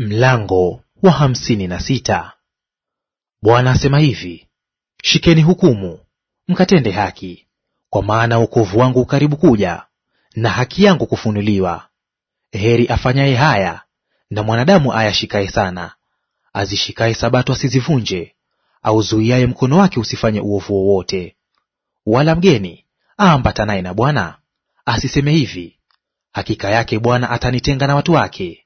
Mlango wa hamsini na sita. Bwana asema hivi: Shikeni hukumu, mkatende haki, kwa maana wokovu wangu ukaribu kuja, na haki yangu kufunuliwa. Heri afanyaye haya, na mwanadamu ayashikaye sana, azishikaye sabato asizivunje, auzuiaye mkono wake usifanye uovu wowote. Wala mgeni aambatanaye na Bwana asiseme hivi, hakika yake Bwana atanitenga na watu wake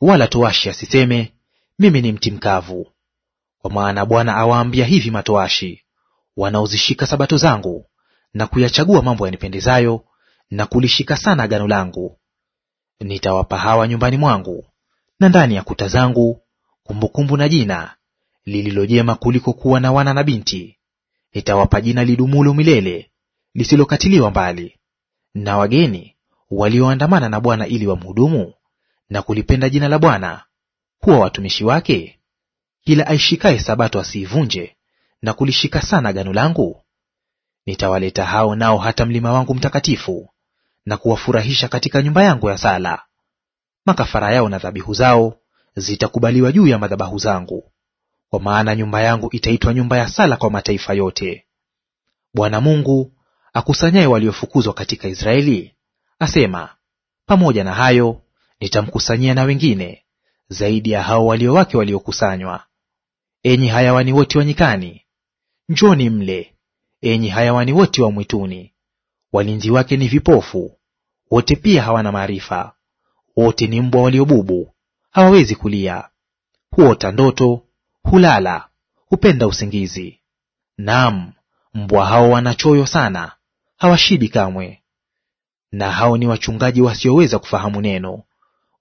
wala toashi asiseme mimi ni mti mkavu. Kwa maana Bwana awaambia hivi matoashi wanaozishika sabato zangu na kuyachagua mambo yanipendezayo na kulishika sana agano langu, nitawapa hawa nyumbani mwangu na ndani ya kuta zangu kumbukumbu na jina lililojema kuliko kuwa na wana na binti. Nitawapa jina lidumulo milele lisilokatiliwa mbali, na wageni walioandamana na Bwana ili wamhudumu na kulipenda jina la Bwana, kuwa watumishi wake, kila aishikaye sabato asiivunje na kulishika sana gano langu, nitawaleta hao nao hata mlima wangu mtakatifu, na kuwafurahisha katika nyumba yangu ya sala. Makafara yao na dhabihu zao zitakubaliwa juu ya madhabahu zangu, kwa maana nyumba yangu itaitwa nyumba ya sala kwa mataifa yote. Bwana Mungu akusanyaye waliofukuzwa katika Israeli asema, pamoja na hayo nitamkusanyia na wengine zaidi ya hao walio wake waliokusanywa. Enyi hayawani wote wa nyikani, njoni mle, enyi hayawani wote wa mwituni. Walinzi wake ni vipofu wote, pia hawana maarifa; wote ni mbwa waliobubu, hawawezi kulia. Huota ndoto, hulala, hupenda usingizi. Naam, mbwa hao wana choyo sana, hawashibi kamwe. Na hao ni wachungaji wasioweza kufahamu neno,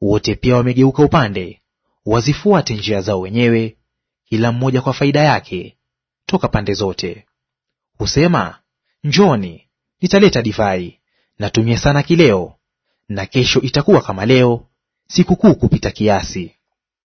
wote pia wamegeuka upande, wazifuate njia zao wenyewe, kila mmoja kwa faida yake toka pande zote. Husema, njoni, nitaleta divai, natumie sana kileo, na kesho itakuwa kama leo, sikukuu kupita kiasi.